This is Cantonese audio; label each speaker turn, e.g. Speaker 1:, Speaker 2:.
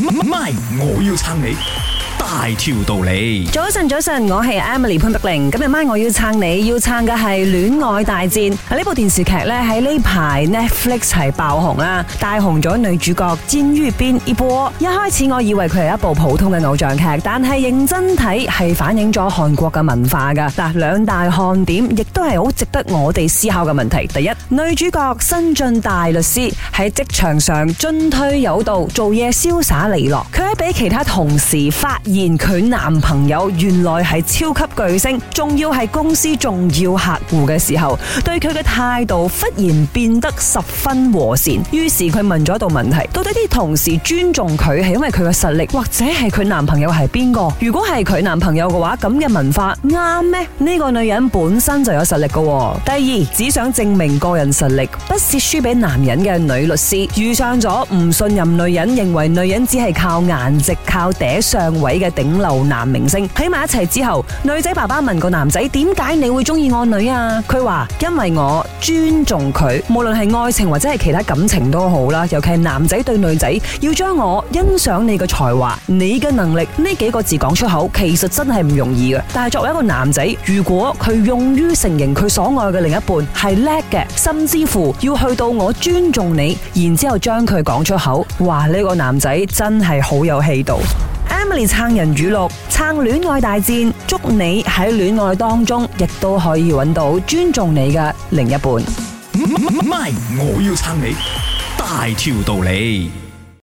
Speaker 1: MY，我要撐你。大條道理，
Speaker 2: 早晨早晨，我係 Emily 潘德玲，今日晚我要撐你，要撐嘅係《戀愛大戰》啊！呢部電視劇咧喺呢排 Netflix 係爆紅啦，帶紅咗女主角戰於邊一波。一開始我以為佢係一部普通嘅偶像劇，但係認真睇係反映咗韓國嘅文化噶嗱，兩大看點亦都係好值得我哋思考嘅問題。第一，女主角新晉大律師喺職場上進退有度，做嘢瀟灑利落。俾其他同事發現佢男朋友原來係超級巨星，仲要係公司重要客戶嘅時候，對佢嘅態度忽然變得十分和善。於是佢問咗一道問題：到底啲同事尊重佢，係因為佢嘅實力，或者係佢男朋友係邊個？如果係佢男朋友嘅話，咁嘅文化啱咩？呢個女人本身就有實力嘅。第二只想證明個人實力，不屑輸俾男人嘅女律師，遇上咗唔信任女人，認為女人只係靠硬。直靠嗲上位嘅頂流男明星喺埋一齊之後，女仔爸爸問個男仔：點解你會中意我女啊？佢話：因為我尊重佢，無論係愛情或者係其他感情都好啦。尤其係男仔對女仔，要將我欣賞你嘅才華、你嘅能力呢幾個字講出口，其實真係唔容易嘅。但係作為一個男仔，如果佢勇於承認佢所愛嘅另一半係叻嘅，甚至乎要去到我尊重你，然之後將佢講出口，哇！呢個男仔真係好有～有氣度，Emily 撐人語錄，撐戀愛大戰，祝你喺戀愛當中亦都可以揾到尊重你嘅另一半。
Speaker 1: 唔係，我要撐你，大條道理。